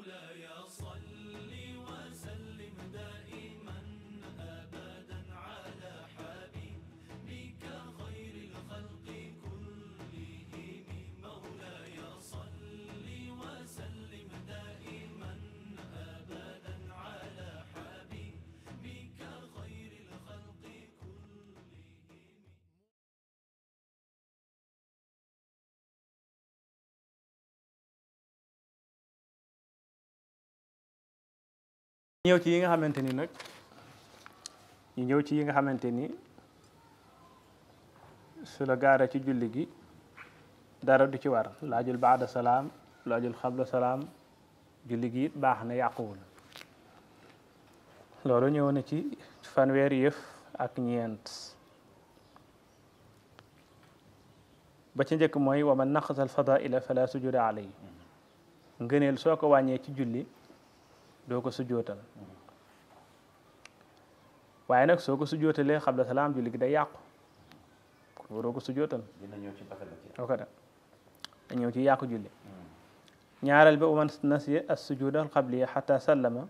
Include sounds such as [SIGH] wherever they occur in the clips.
مولاي ñëw ci yi nga xamante ni nag ñu ñëw ci yi nga xamante ni su la gaara ci julli gi dara du ci war laajul baada salaam laajul xabla salaam julli gi baax na yàquwul loolu ñëw na ci fanweeri yëf ak ñeent ba ci njëkk mooy wa man naqasa al fadaila fala sujuda alayhi ngëneel soo ko wàññee ci julli doo ko sujjootal waaye nag soo ko sujjootalee xabla salaam julli gi day yàqu kon waroo ko sujjootal dina ñëw ci basal da ñëw ci yàqu julli ñaareel ba waman nasiya as sujuda alqabliya xata sallama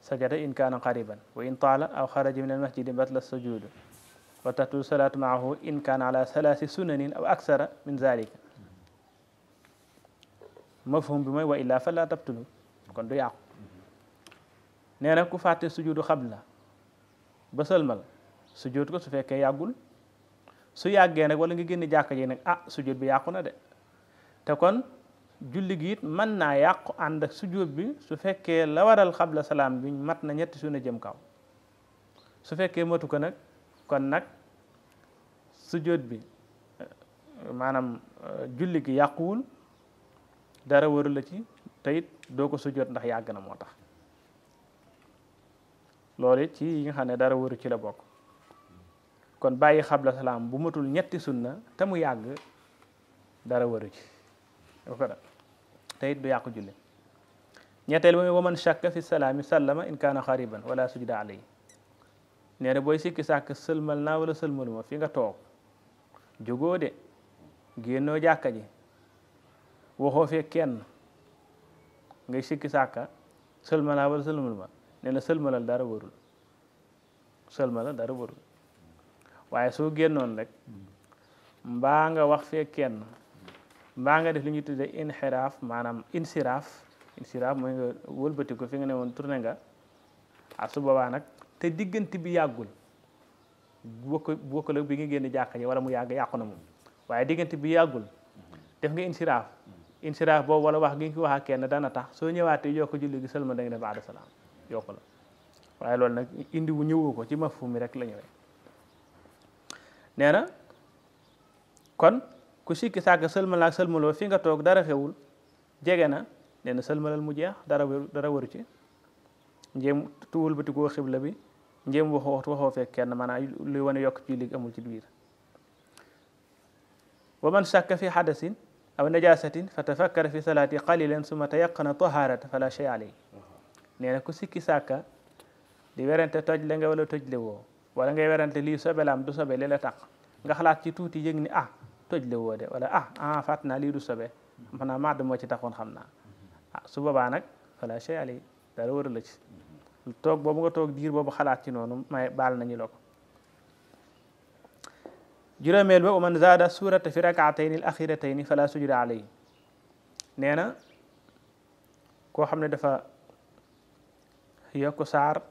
sajada in kaana qariban wa in taala aw xaraja min almasjidi batla sujudu wa tatul salaatu maahu in kaana ala salaasi sunanin aw aksara min zalika mafhum bi mooy wa illaa fa laa tabtulu kon du yàqu nee na ku fàtte xab xabla ba sëlmal sujud ko su fekkee yàggul su yàggee nag wala nga génn jàkk ji nag ah sujud bi yàqu na de te kon julli gi it mën naa yàqu ànd ak sujud bi su fekkee la waral xabla salaam bi mat na ñetti sunna jëm kaw su fekkee matu ko nag kon nag sujud bi eh, maanaam eh, julli gi yàquwul dara waru la ci te doo ko sujud ndax yàgg na moo tax lool it ci yi nga xam ne dara waru ci la bokk kon bàyyi xabla salaam bu matul ñetti sunna te mu yàgg dara waru ci te it du yàqu julli ñetteel ba muy waman shakka fi salaami sallama in kaana xariban wala sujda alayhi nee booy sikki sàkk sëlmal naa wala sëlmaluma fi nga toog jógoo de génnoo jàkka ji kenn ngay sikki sàkka sëlmal naa wala sëlmaluma nee na sëlmalal dara warul sëlmalal dara warul waaye soo génnoon rek mbaa nga wax fee kenn mbaa nga def li ñuy tuddee inxiraaf maanaam insiraaf insiraaf mooy nga wëlbati fi nga ne woon tourné nga ah su boobaa nag te diggante bi yàggul bokk bokk bi nga génn jàkka ji wala mu yàgg yàqu na moom waaye diggante bi yàggul def nga insiraaf insiraaf boobu wala wax gi nga ko wax a kenn dana tax soo ñëwaatee yokk julli gi sëlma da nga def aada salaam yokk la waaye loolu nag indi wu ñëwu ko ci mafhum rek la ñëwee nee na kon ku sikki saaka sëlmal ak sëlmaloo fi nga toog dara xewul jege na nee na sëlmalal mu jeex dara dara waru ci njéem tuwul bati koo xibla bi njéem waxoo waxtu waxoo fekk kenn maanaam luy wane yokk ci lig amul ci biir wa man shakka fi xadasin aw najasatin fa tafakkara fi salaati qalilan summa tayaqana taharata fala shay alayhi nee na ku sikki sàkka di werante toj le nga toj le woo wala ngay werante lii sobe laam du sobe li la tax nga xalaat ci tuuti yëg ni ah toj le woo de wala ah ah naa lii du sobe maanaam madd moo ci taxoon xam naa ah su boobaa nag wala chey ali dara wara la ci toog boobu nga toog diir boobu xalaat ci noonu may baal nañu la ko juróomeel ba man zaada suurata fi rakaatayni al axiratayni fala sujuda alayhi nee na koo xam ne dafa yokk saar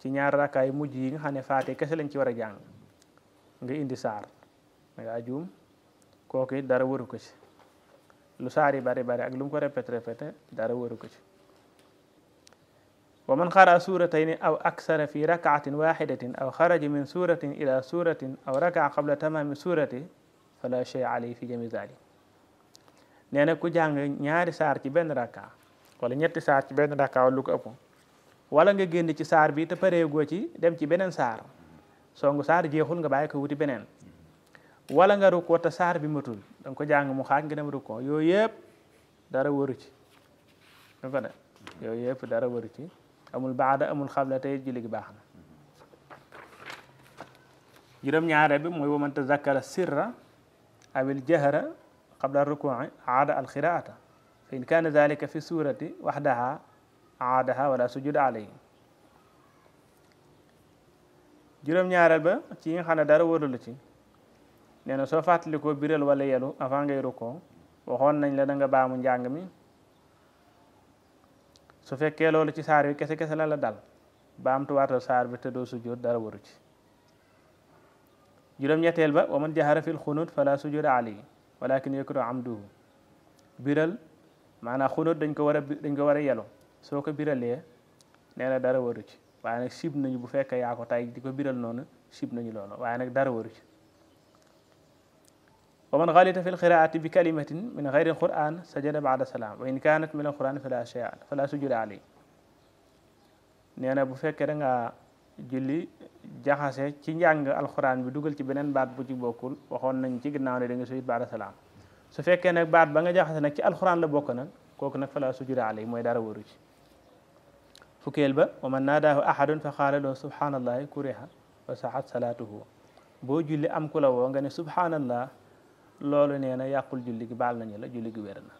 ci ñaar yi mujj yi nga xam ne faate kese lañ ci war a jàng nga indi saar dangaa juum kooku it dara waru ko ci lu saari bari bari ak lum ko répété répété dara waru ko ci wa man xara suratayni aw aksara fi rakaatin waxidatin aw xaraja min suratin ila suratin aw rakaa qabla tamaami surati fala shay alay fi jami zalik ku jàng ñaari saar ci benn rakkaa wala ñetti saar ci benn rakkaa wala lu ko wala nga génn ci saar bi ta pareegoo ci dem ci beneen saar songu saar jeexul nga bàyyi ko wuti beneen wala nga rukkoo te saar bi matul da ko jàng mu xaaj nga dem rukkoo yooyu yëpp dara waru ci da ko def yëpp dara waru ci amul baada amul xabla tey julli gi baax na juróom-ñaareel bi mooy waman tazakkara sirra awil jahra qabla rukui aada al qiraata in kaana dalika fi surati waxdaha aadaha wala sujuda alayhi juróom-ñaareel ba ci yi nga xam ne dara waralu ci nee na soo fàttalikoo biral wala yelu avant ngay rukkoo waxoon nañ la danga baamu njàng mi su fekkee loolu ci saar bi kese kese la la dal baamtuwaatal saar bi te doo sujjóot dara waru ci juróom-ñetteel ba wa man jahara fil xunut fala sujuda alayhi walakin yakunu amduhu biral maanaam xunut dañ ko war dañ ko war a yelu soo ko biralee nee na dara waru ci waaye nag sib nañu bu fekkee yaa ko tay di ko biral noonu sib nañu loolu waaye nag dara waru ci wa man xalita fi lqiraati bi kalimatin min xayri alquran sajada baada salaam wa in kaanat min alquran fala shay'a fala sujuda alay nee na bu fekkee da nga julli jaxase ci njàng alquran bi dugal ci beneen baat bu ci bokkul waxoon nañ ci ginnaaw ne da nga sujud baada su fekkee baat ba nga jaxase nag ci alquran la bokk nag kooku nag fala sujuda alay mooy dara waru ci fukkeel ba wa man naadaahu ahadun fa qaala loo subhaanallahi kuriha wa saxat salaatuhu boo julli am ku la woo nga ne subhaanallah loolu nee na yàqul julli gi baal nañu la julli gi wér na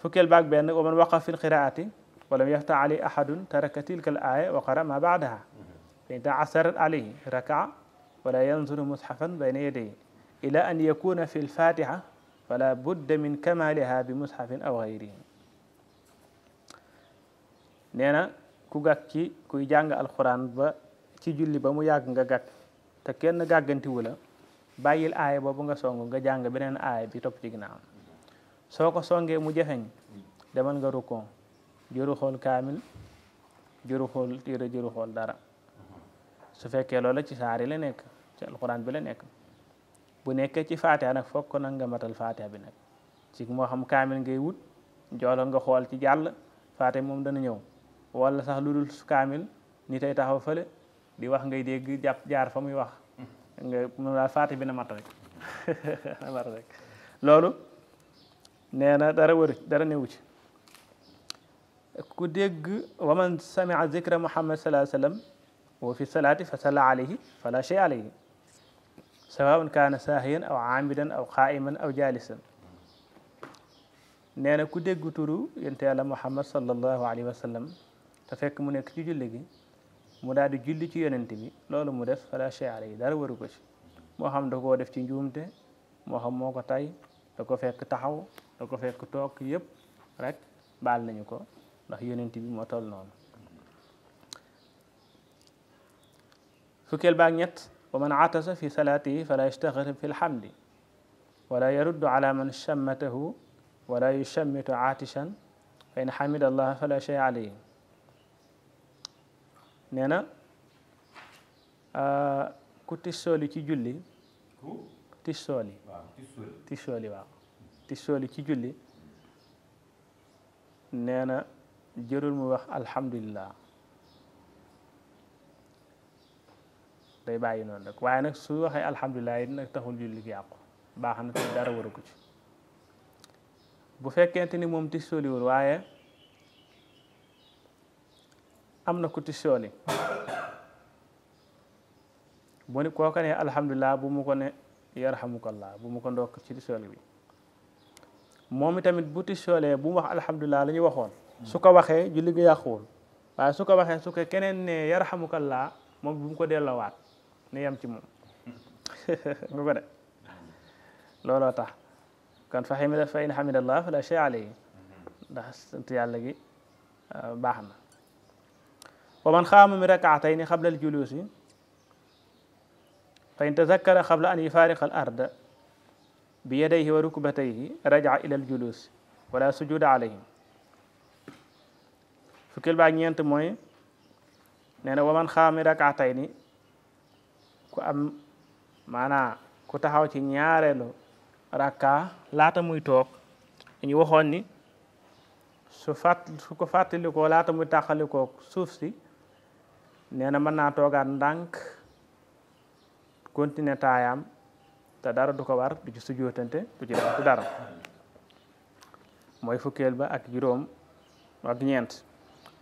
fukkeel baag benn wa man waqa fi lqiraati walam yafta alay ahadun taraka tilka al aaya wa qara ma baadaha fa in taasarat alayhi rakaa wala yanzuru mushafan bayna yadayhi ila an yakuna fi lfatiha fala budda min kamaliha bi mushafin aw gayrihi nee na ku gàkk ci kuy jàng alxuraan ba ci julli ba mu yàgg nga gàkk te kenn gàggantiwu la bàyyil aaya boobu nga song nga jàng beneen aaya bi topp ci ginnaaw soo ko songee mu jafeñ demal nga rukkon jëru xool kaamil jëru xool dara su fekkee loola ci saari la nekk ci alxuraan bi la nekk bu nekkee ci faatiha nag fokk nag nga matal faatiha bi nag ci moo xam kaamil ngay wut joolo nga xool ci jàll faate moom dana ñëw wala sax lu dul kaamil ni tey taxaw fële di wax ngay dégg jàpp jaar fa wax nga mu daal bi na mat rek [LAUGHS] na mat rek loolu nee na dara wëru dara newu ci ku dégg waman samia zikra muhammad salaa sallam wa fi salaati fa sala alayhi fala shay alayhi sawaun kaana saahiyan aw aamidan aw qaaiman aw jaalisan nee ku dégg turu yonent yàlla muhammad sallallahu alayhi wa te fekk mu nekk ci julli gi mu daal di julli ci yonent bi loolu mu def fala shay alayhi dara waru ci moo xam da koo def ci njuumte moo xam moo ko tay da ko fekk taxaw da fekk toog yëpp rek baal nañu ko ndax yonent bi moo toll noonu fukkeel baak ñett wa man atasa fi salaatihi fala yastaxir fi lhamdi wala yaruddu ala man shammatahu wala yushammitu aatishan fa in xamida allaha fala shay alayhi nee na ah, ku tissooli ci julli tissooli tissooli ti soli ci julli nee na jërul mu wax alhamdulillah day bàyyi noonu rek waaye nag su waxee alhamdulillah yi nag taxul julli gi yàqu baax na te dara waru ci bu fekkente ni moom tissooliwul waaye am na ku tissooli bu ni kooka ne bu mu ko ne yarhamukallah bu mu ko ndokk ci tissooli bi moom itamit bu tissoolee bu mu wax alhamdulilah la waxoon su ko waxee julli gi yàquwul waaye su ko waxee su ko keneen ne yarhamukallah moom bu mu ko delloowaat ne yem ci moom nga [LAUGHS] ko de looloo tax kon fa xamida fa in xamidallah fala shay alayhi ndax sant yàlla gi ah, baax na wa man xaama min rakaatayni xabla al juluusi fa in tazakkara xabla an yufaariqa al arda bi yadayhi wa rukbatayhi raja ila al wala sujuda alayhim fukkil baa ñeent mooy nee na wa man xaama min rakaatayni ku am maanaa ku taxaw ci ñaareelu rakka laata muy toog ñu waxoon ni su fàtt su ko fàttalikoo laata muy tàqalikoo suuf si nee na mën naa toogaat ndànk continuer taayaam te dara du ko war du ci sujootante du dara mooy fukkeel ba ak juróom ak ñeent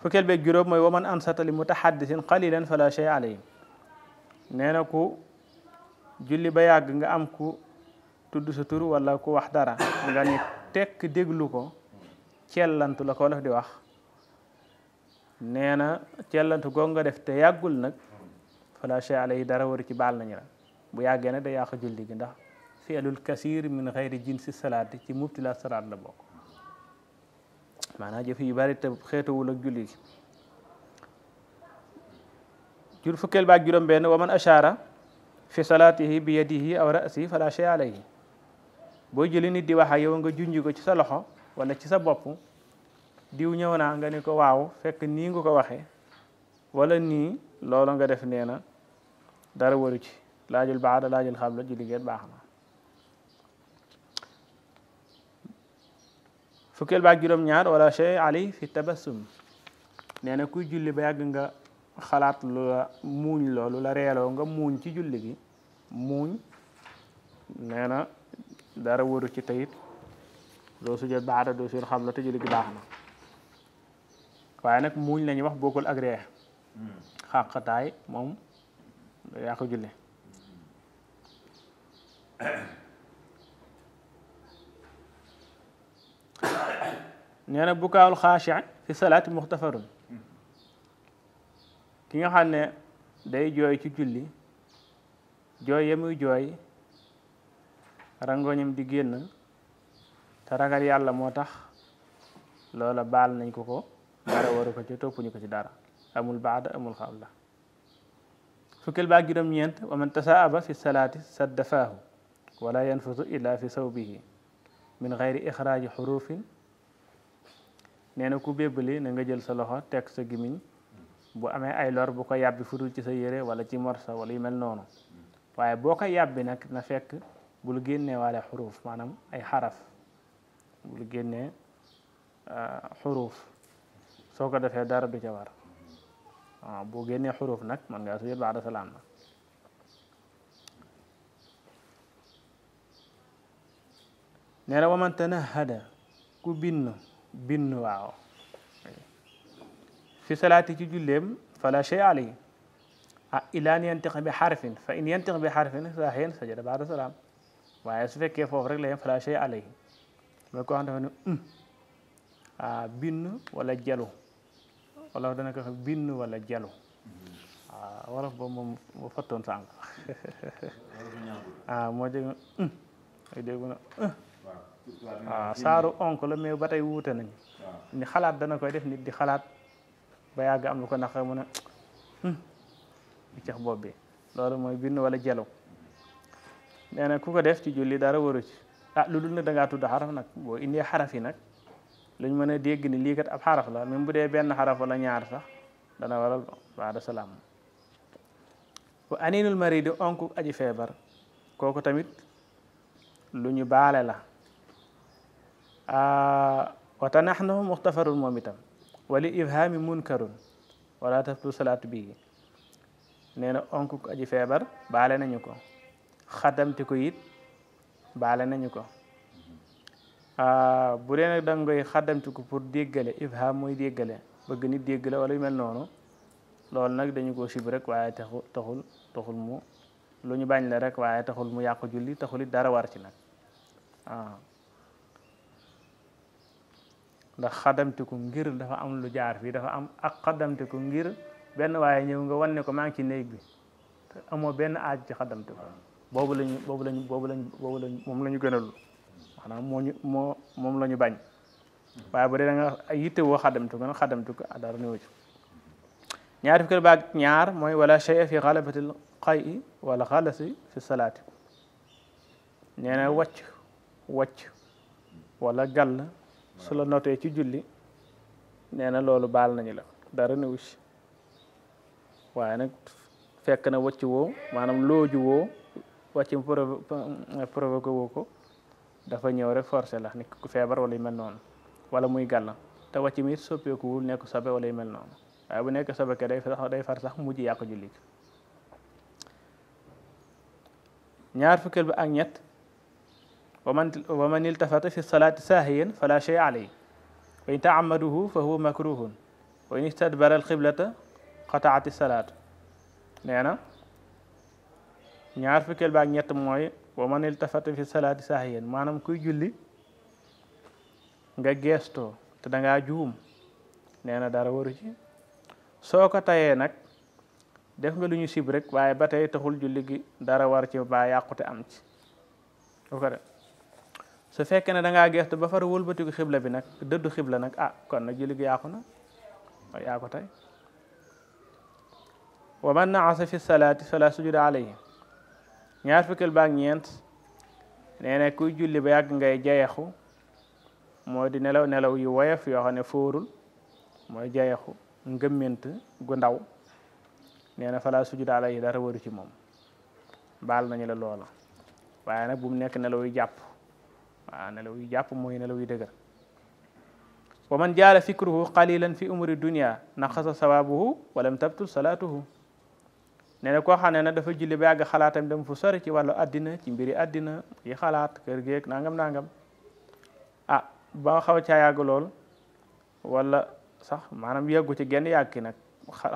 fukkeel beeg juróom mooy waman mu li mutahaddisin qalilan fala shay alayhim nee na ku julli ba yàgg nga am ku tudd sa tur wala ku wax dara nga ni tekk déglu ko cellantu la ko wolof di wax nee na cellantu goog nga def te yàggul nag fala shay alayhi dara war ci baal nañu la bu yàggee nag day yàq julli gi ndax fi'lul kasir min xayri salaat salaati ci mubtila salaat la bokk maanaam jëf yu bari te xeetawul ak julli gi jur fukkeel baak juróom benn wa man ashara fi salaatihi bi yadihi aw ra'si fala shay alayhi boo jëli nit di waxa ak yow nga junj ko ci sa loxo wala ci sa bopp diw ñëw naa nga ne ko waaw fekk nii nga ko waxee walla nii loolu nga def nee na dara waru ci laajul baada laajul la ju ngeen baax na fukkeel baak juróom-ñaar wala shay ali fi tabassum nee na kuy julli ba yàgg nga xalaat lu la muuñ loolu la reeloo nga muuñ ci julli gi muuñ nee na dara waru ci tayit doo sujjat baada doo xam la te julli gi baax na waaye nag muuñ la wax bokkul ak reex hmm. xàqataay moom yaa ko julli nee na bukaawul xaashi fi salaati muxtafarun ki nga xam ne day jooy ci julli jooy ya muy jooy rangoñam di génn te ragal yàlla moo tax loola baal nañ ko ko dara waru ko ci toppuñu ko ci dara amul baada amul xabla fukkil baag juróom-ñeent wa man tasaaba fi salaati saddafaahu wala yanfusu illa fi sawbihi min xayri ixraaji xurufin nee ku bébbali na nga jël sa loxo teg sa gimiñ bu amee ay lor bu ko yàbbi fudul ci sa yére wala ci morsa wala yu mel noonu waaye boo ko yàbbi nag na fekk bul génnee waale xuruf maanaam ay xaraf bul génnee ah, xuruf soo ko defee dara bi ca war waaw xuruf nag man ngaa sujjóot baada salaam na nee na tanahada ku binn binn fi salaati ci julleem fala shay alay ah ilaa n yantiq bi xarfin fa in yantiq bi xarfin saaxiyan sajada baada salaam waaye su fekkee foofu rek la yem fala shay alay mooy koo xam dafa ne um ah binn wala jalu wala dana ko xam binn wala jalu ah, waaw boobu moom ah, moo fattoon sànq moo jég ay dégg na ah, saaru onk la mais ba tey wuute nañ ni xalaat dana koy def nit di xalaat ba yàgg am lu ko nax mu ne di cax bopp bi loolu mooy binn wala jaloo nee na ku ko def ci julli dara waru ci ah lu dul na da ngaa tudd xaraf nag boo indee xaraf yi nag luñ mën a dégg ni lii kat ab xaraf la même bu dee benn xaraf wala ñaar sax dana waral baada salaam wa aninul maridi onku aji feebar kooku tamit lu ñu baale la wa tanaxnu muxtafarun moom itam wali ibhaami munkarun wala taftu salaatu bii nee na onku aji feebar baale nañu ko xadamti ko it baale nañu ko Ah, bu dee nag da nga koy pour déggale ifham mooy déggale bëgg nit dégg la wala yu mel noonu loolu nag dañu ko sib rek waaye taxul taxul taxul mu lu ñu bañ la rek waaye taxul mu yàqu julli taxul it dara war ci nag waaw ndax xàddamtiku ngir dafa am lu jaar fii dafa am ak xàddamtiku ngir benn waaye ñëw nga wan ne ko maa ngi ci néeg bi te amoo benn aaj ci xàddamtiku boobu lañu boobu lañu boobu lañu boobu lañu moom la ñu gënal xanaa moo moom la ñu bañ waaye bu dee da ay yitte woo xaddamtu ko nag xaddamtu ko ah, dara néew ci ñaar fi kër baag ñaar mooy wala chey fi xalabatil xay wala xalasi fi salaati nee na wàcc wala gal su la notee ci julli nee na loolu baal nañu la dara néew ci waaye nag fekk na wàcc woo maanaam looju woo wàcc provoqué woo ko dafa ñëw rek forcé la nekk ku feebar wala yu mel noonu wala muy gàll te wàcc mi it soppeekuwul nekk sobe wala yu mel noonu waaye bu nekk sobe ke day day far sax mujj yàqu julli ñaar fukkeel bi ak waman waman fi salaati saahiyan fala shay aley wa in taamaduhu fa huwa makruhun wa in istadbara alxiblata qataat salaat nee ñaar fukkeel bi ak mooy wa man iltafata fi salaati saahiyan maanaam kuy julli nga geestoo te da juum nee na dara waru ci soo ko tayee nag def nga lu ñu sib rek waaye ba tey taxul julli gi dara war ci ba yàqute am ci bu fekkee ne danga ngaa ba far wëlbatiku xibla bi nag dëddu xibla nag ah kon nag julli gi yàqu na yaa ko tey wa man naasa fi salaati fala sujuda alayhi ñaar fukkeel baak ñeent nee na kuy julli ba yàgg ngay jayaxu mooy di nelaw nelaw yu woyof yoo xam ne fóorul mooy jayaxu ngëmment gu ndaw nee na fala sujud alayhi dara waru ci moom baal nañu la loola waaye nag bu mu nekk nelaw yu jàpp waaw nelaw yu jàpp mooy nelaw yu dëgër wa man jaala fikruhu qalilan fi umuri dunia naqasa sawabuhu walam tabtul salaatuhu nee na xam ne dafa jilli ba yàgg xalaatam dem fu sori ci wàllu àddina ci mbiri àddina yi xalaat kër geeg nangam nangam ah ba xaw a yàgg lool wala sax maanaam yàggu ci genn yàgg ki nag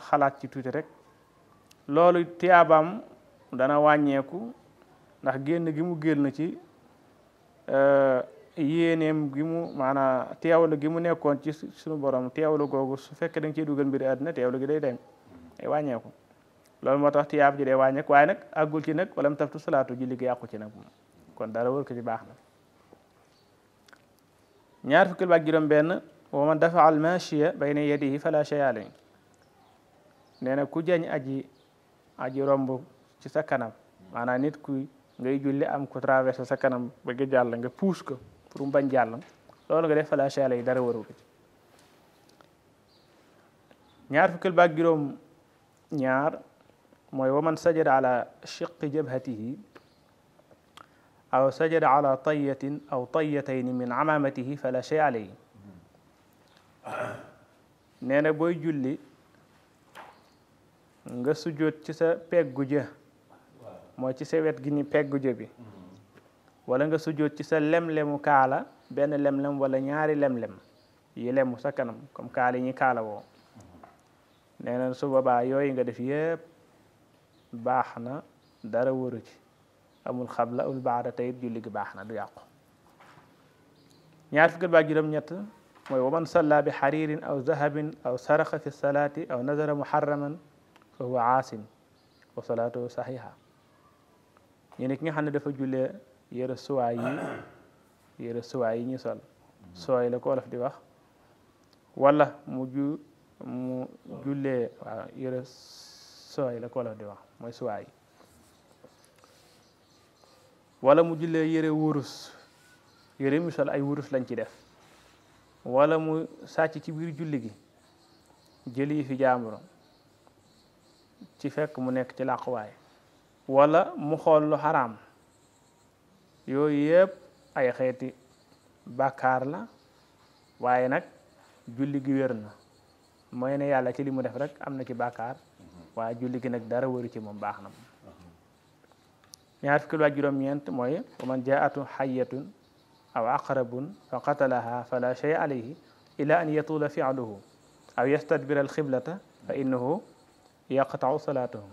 xalaat ci tuuti rek loolu tiyaabaam dana wàññeeku ndax génn gi mu génn ci eh, yéeneem gi mu maanaam teewlu gi mu nekkoon ci suñu borom teewlu googu su fekkee da nga ciy dugal mbiri àddina teewlu gi day dem day wàññeeku loolu moo tax tiyaab ji dee wàññeeku waaye nag àggul ci nag walam taftu salaatu julli gi yàqu ci nag moom kon dara wër ko baax na ñaar fukki ak juróom benn wa man dafa al maashiya na ku jañ aji aji ci sa kanam maanaam nit ku ngay julli am ku sa kanam bëgg jàll nga puus ko pour bañ jàll loolu nga def dara wëru ko ak juróom ñaar mooy waman sajada ala chiqi jabhatihi aw sajada ala tayatin aw tayatayni min amamatihi fala shay alayhi nee na booy julli nga sujjóot ci sa peggu jë mooy ci sa wet gi ni peggu jë bi wala nga sujjóot ci sa lem-lemu kaala benn lem-lem wala ñaari lem-lem yi lemu sa kanam comme kaala yi ñu kaala woo nee na su boobaa yooyu nga def baax na dara waru ci amul xabla amul baada tey it julli gi baax na du yàqu ñaar fukki baag juróom-ñett mooy waman salla bi xariirin aw zahabin aw saraxa fi salaati aw nazara muharraman fa huwa aasim wa salaatu saxiixa ñu ne ki nga xam ne dafa jule yére suwaay yi yére yi ñu sol sooy la ko olof di wax wala mu ju mu jullee waaw yére la ko olof di wax mooy suwaay wala mu jullee yére wurus yére mu sol ay wurus lañ ci def wala mu sàcc ci biir julli gi jëli fi jaambur ci fekk mu nekk ci làquwaay wala mu xool lu xaraam yooyu yépp ay xeeti bàkkaar la waaye nag julli gi wér na mooy ne yàlla ci li mu def rek am na ci bàkkaar waa julli gi nag dara waru ci moom baax na moom ñaar fukki ak juróom-ñeent mooy wa man jaatu xayatun aw aqrabun fa qatalaha fala shay alayhi ila an yatula fialuhu aw yastadbira alxiblata fa innahu yaqtau salaatuhu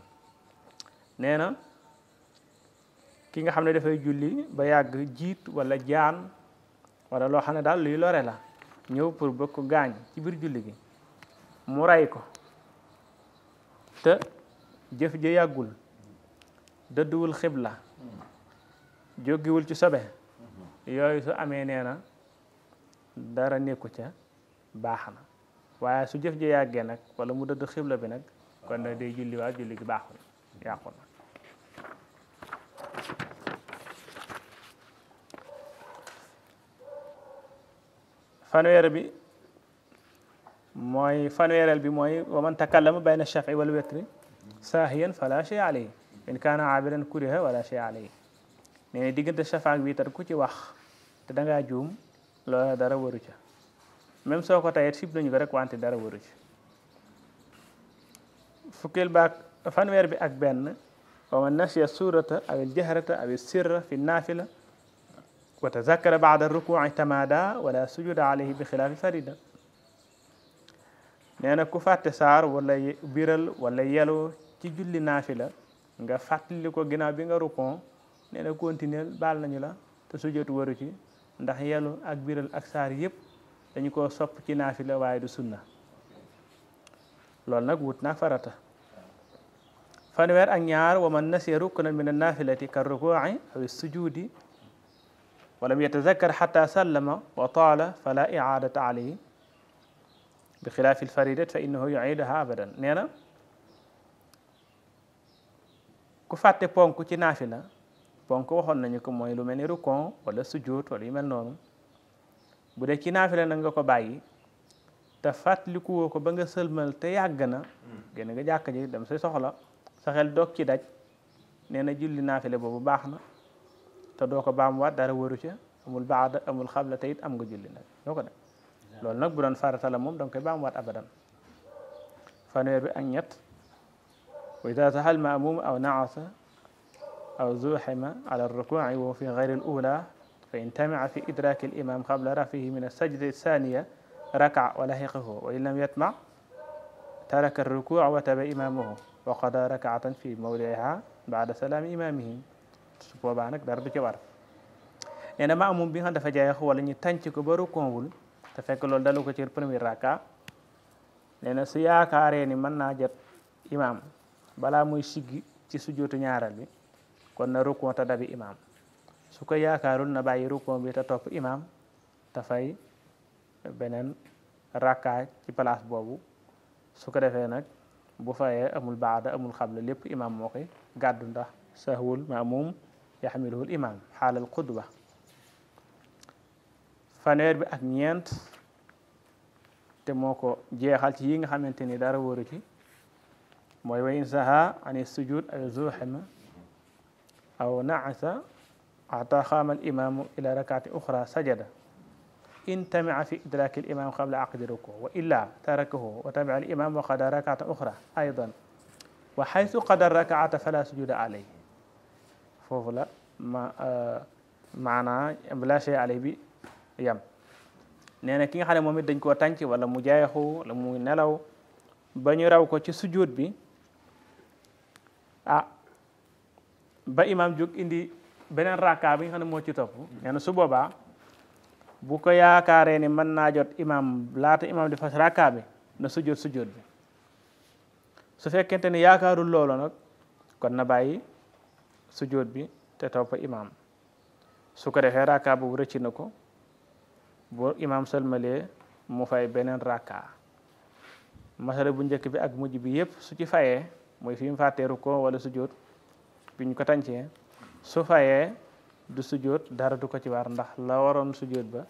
na ki nga xam ne dafay julli ba yàgg jiit wala jaan wala loo xam ne daal luy lore la ñëw pour gaañ ci biir julli mu rey te jëf ji yàggul dëdduwul xibla jógiwul ci sobe yooyu su amee nee na dara nekku ca baax na waaye su jëf ji yàggee nag wala mu dëdd xibla bi nag kon nag day julli waa julli gi baaxul yàqu na fanweer bi mooy fanweereel bi mooy wa man takallama bayna shaf'i wal witri saahiyan fala shay alayhi in kaana aabiran kuriha wala shay alayhi nee na diggante shafa ak witar ku ci wax te da ngaa juum loola dara waru ca même soo ko tayet sib nañu ko rek wante dara waru ca fukkil baak fanweer bi ak benn wa man nasiya suurata aw aljahrata aw sirra fi naafila wa tazakara baada rukuu tamada wala sujuda alayhi bi xilaafi farida nee na ku fàtte saar wala biral wala yelu ci julli naafila nga fàttali ko ginnaaw bi nga rukon nee na continuer baal nañu la te sujjóot waru ci ndax yelu ak biral ak saar yëpp dañu ko sopp ci naafila waaye du sunna loolu nag wut naag farata fanweer ak ñaar wa man nasiya ruknan min annafilati ka rukuuci aw sujudi walam yatazakkar xata sallama wa taala fala icaadata alayhi bi xilaafi lfarida fa innahu yuiduha abadan nee na ku fàtte ponk ci naafila ponk waxoon nañu ko mooy lu mel ni rukon wala sujjóot wala yi mel noonu bu dee ci naafila na nga ko bàyyi te fàttaliku woo ko ba nga sëlmal te yàgg na génn nga jàkk ji dem say soxla sa xel doog ci daj nee na julli naafile boobu baax na te doo ko baam baamuwaat dara waru ca amul baada amul xabla te am nga julli nag loolu nag bu doon farata la moom da nga koy baamuwaat abadan fanweer bi ak ñett wa ida sahal maamum aw naasa aw zuxima ala rukuci wa fi gayri alula fa in tamica fi idraki alimam qabla rafihi min alsajda althaniya rakaca wa laxiqahu wa in lam yatmac taraka alrukuca wa taba imamuhu wa qada rakacatan fi mawdiha bada salaami imamihi su boobaa nag dara du ci war nee na maamum bi nga dafa jayeex wala ñu tànc ko ba rukoonwul te fekk loolu dalu ko ci premier raka nee na su yaakaaree ni mën naa jot imaam balaa muy siggi ci sujjootu ñaaral bi kon na rukon te dabi imaam su ko yaakaarul na bàyyi rukon bi te topp imaam te fay beneen rakka ci place boobu su ko defee nag bu fayee amul baada amul xabla lépp imaam moo koy gàddu ndax sahwul maamum yaxmiluhul imaam xaalal xudba fanweer bi ak ñeent te moo ko jeexal ci yi nga xamante ni dara wóoru ci mooy wa in saha ani sujud aw zuxima aw naasa ata xaama al imamu ila rakaati uxra sajada in tamia fi idraki al imam qabla aqdi ruku wa illa tarakahu wa tamia al imam wa qada rakaata uxra aydan wa xaytu qada rakaata fala sujuda alayhi foofu la ma euh, maanaa la shay alay bi yam nee na ki nga xam ne moom it dañ koo tànc wala mu jaayaxu wala mu nelaw ba ñu raw ko ci sujjóot bi ah ba imam jóg indi beneen rakka bi nga xam ne moo ci topp na su boobaa bu ko yaakaaree ni mën naa jot imaam laata imaam di fas bi na sujjóot sujjóot bi su fekkente ni yaakaarul loolu nag kon na bàyyi sujjóot bi te topp imaam su ko defee rakka boobu rëcc na ko bu imaam sëlmalee mu fay beneen rakka masala bu njëkk bi ak mujj bi yëpp su ci fayee mooy fi mu fàtteeru ko wala sujjóot bi ñu ko tàncee su fayee du sujjóot dara du ko ci war ndax la waroon sujjóot ba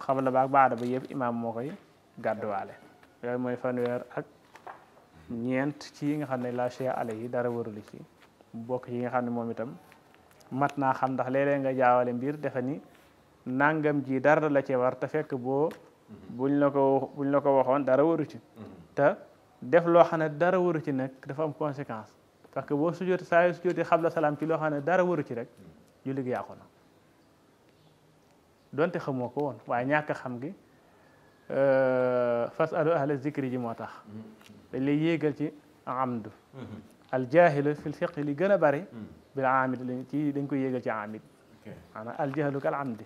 xam la ba baada ba yëpp imaam moo koy gàdduwaale yooyu mooy fanweer ak ñeent ci yi nga xam ne la shee ale yi dara warulu ci bokk ci yi nga xam ne moom itam mat naa xam ndax léeg-léeg nga jaawale mbir defe ni nangam ji dara la ci war te fekk boo mhm. buñ la ko buñ la ko waxoon dara waru ci mhm. te def loo xam ne dara waru ci nag dafa am conséquence parce que boo sujjóoti saa yu sujjóoti xabla salaam ci loo xam ne dara waru ci rek mhm. julli gi yàqu na donte xamoo ko woon waaye ñàkk xam gi euh, fasalu ahla zikri ji moo tax dañ lay ci amdu al jaahilu fil fiqh li gën a bari bil amid ci dañ koy yéegal ci amid maanaam al kal amdi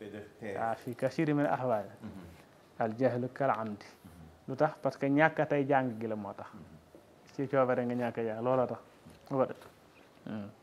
waaw fi kasiri min ahwaal mm-hmm. al jahlu kal amdi mm-hmm. lu tax parce que ñàkk a tey jàng moo tax mm-hmm. ci coobare nga ñàkk a jàng looloo tax